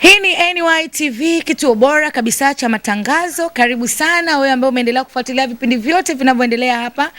Hii ni NY TV, kituo bora kabisa cha matangazo. Karibu sana wewe ambaye umeendelea kufuatilia vipindi vyote vinavyoendelea hapa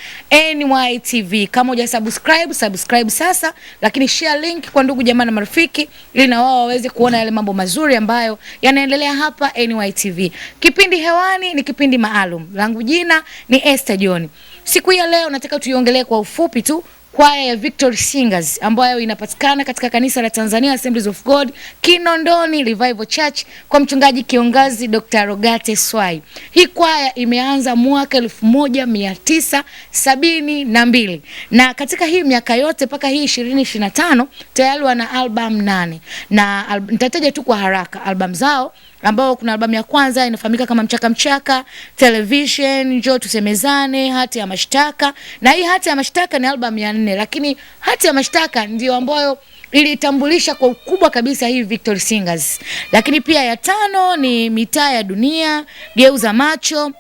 NY TV. Kama uja subscribe, subscribe sasa, lakini share link kwa ndugu jamaa na marafiki ili na wao waweze kuona yale mambo mazuri ambayo yanaendelea hapa NY TV. Kipindi hewani ni kipindi maalum. Langu jina ni Esther John. Siku ya leo nataka tuiongelee kwa ufupi tu kwaya ya Victory Singers ambayo inapatikana katika kanisa la Tanzania Assemblies of God Kinondoni Revival Church kwa mchungaji kiongozi Dr. Rogate Swai. Hii kwaya imeanza mwaka elfu moja mia tisa sabini na mbili na katika hii miaka yote mpaka hii ishirini ishirini na tano tayari wana albamu nane na al nitataja tu kwa haraka albamu zao ambao kuna albamu ya kwanza inafahamika kama mchaka mchaka, television, njoo tusemezane, hati ya mashtaka. Na hii hati ya mashtaka ni albamu ya nne, lakini hati ya mashtaka ndio ambayo ilitambulisha kwa ukubwa kabisa hii Victory Singers. Lakini pia ya tano ni mitaa ya dunia, geuza macho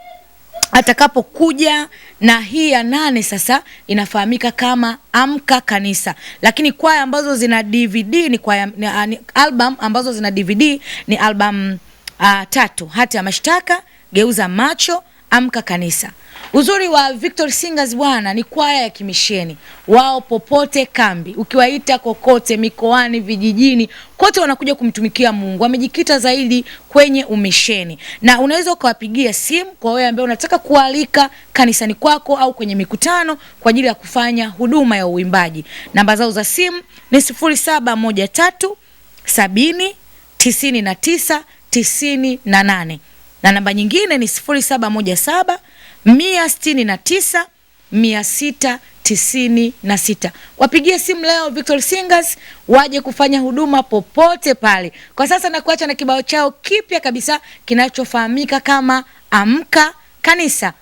atakapokuja na hii ya nane sasa inafahamika kama amka kanisa. Lakini kwaya ambazo zina DVD ni kwaya, ni, ni album ambazo zina DVD ni album Uh, tatu, hati ya mashtaka, geuza macho, amka kanisa. Uzuri wa Victory Singers bwana ni kwaya ya kimisheni wao, popote kambi, ukiwaita kokote, mikoani, vijijini kote, wanakuja kumtumikia Mungu. Wamejikita zaidi kwenye umisheni, na unaweza ukawapigia simu kwa wewe ambaye unataka kualika kanisani kwako au kwenye mikutano kwa ajili ya kufanya huduma ya uimbaji. Namba zao za simu ni sifuri saba moja tatu sabini tisini na tisa tisini na nane na namba nyingine ni sifuri saba moja saba mia sitini na tisa mia sita tisini na sita. Wapigie simu leo Victory Singers waje kufanya huduma popote pale. Kwa sasa nakuacha na kibao chao kipya kabisa kinachofahamika kama Amka Kanisa.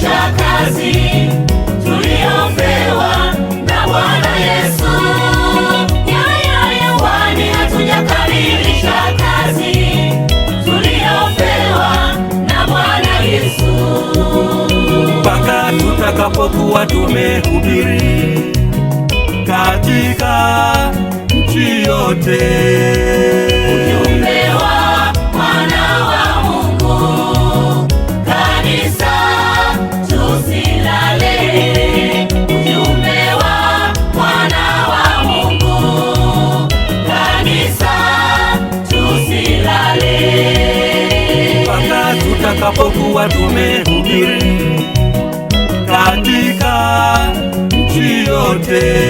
kufanikisha kazi tuliyopewa na Bwana Yesu, mpaka tutakapokuwa tumehubiri katika nchi yote. yeah.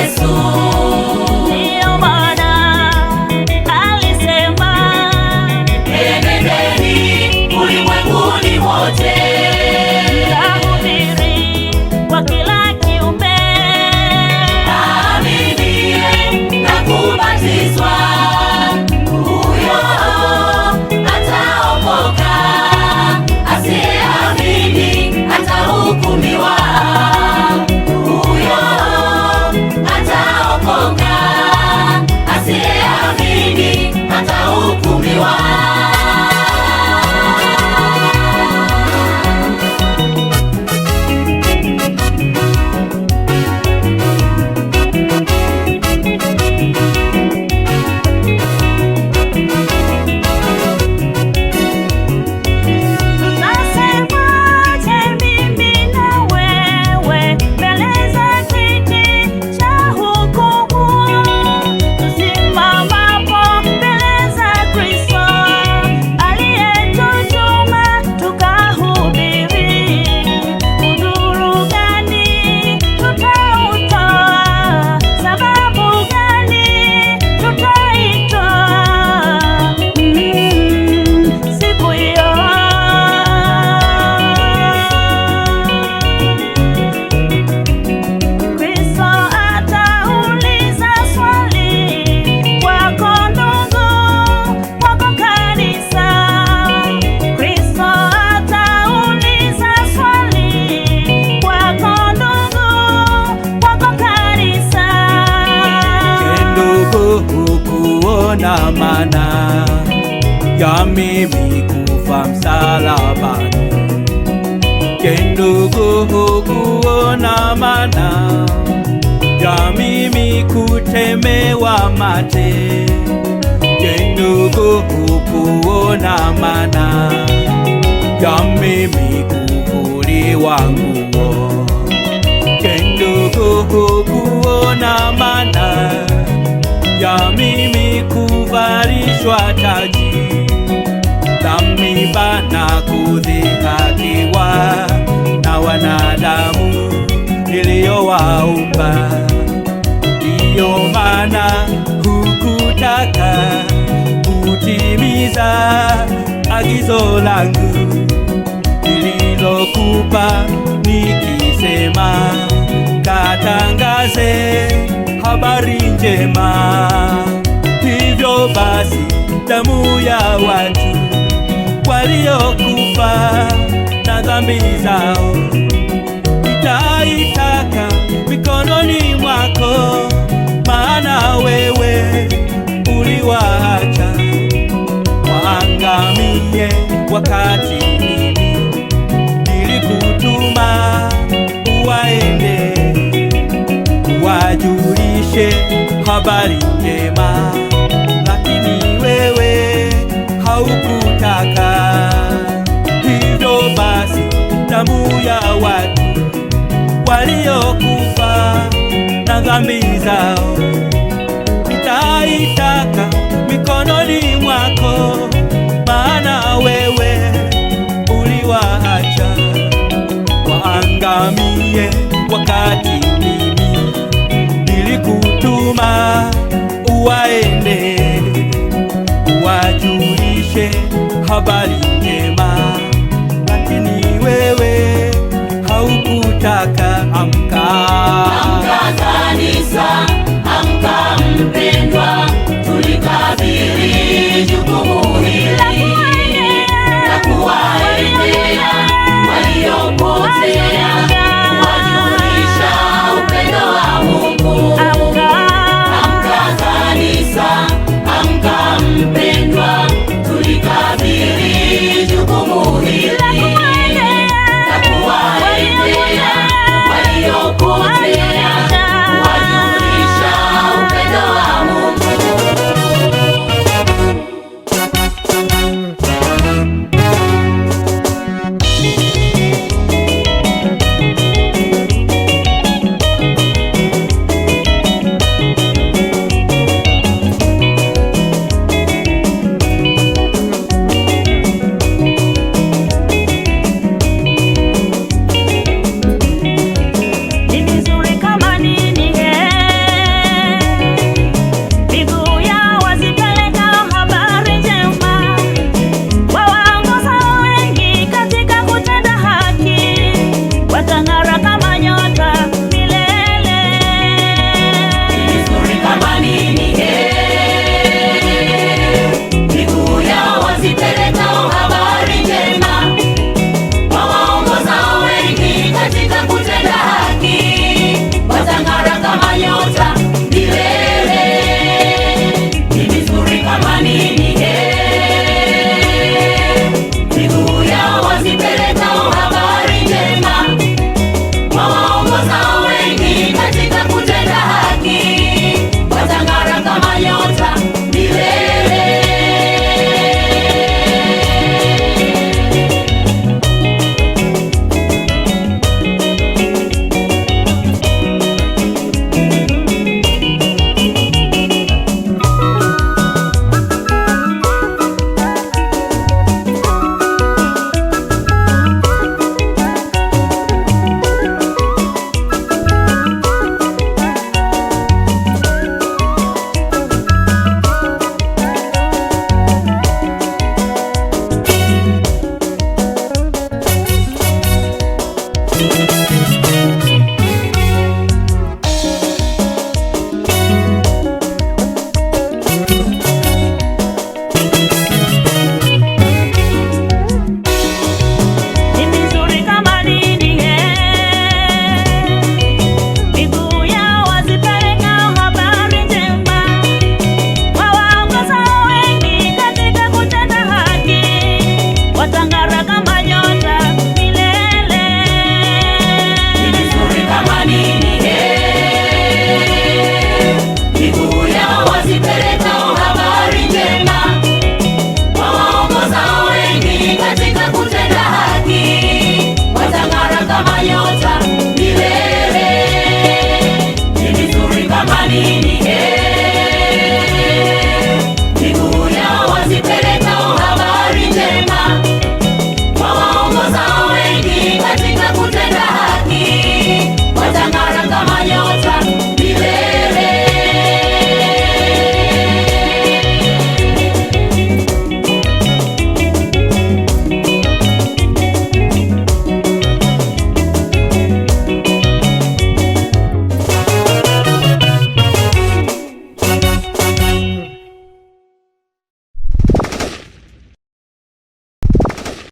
Jesus. mimi kufa msalabani, kendo kuona maana ya mimi kutemewa mate, kendo kuona maana ya mimi kuvuliwa nguo, kendo kuona maana ya mimi kuvalishwa taji kuiba na kudhihakiwa na wanadamu niliyowaumba. Ndiyo maana hukutaka kutimiza agizo langu nililokupa, nikisema katangaze habari njema. Hivyo basi damu ya watu waliokufa na dhambi zao, nitaitaka mikononi mwako, maana wewe uliwaacha waangamie wakati mimi nilikutuma uwaende wajulishe habari njema haukutaka. Hivyo basi damu ya watu waliokufa na dhambi zao nitaitaka mikononi mwako, maana wewe uliwaacha waangamie wakati mimi nilikutuma uwaende uwaju nifikishe habari njema, lakini wewe haukutaka. Amka, amka kanisa.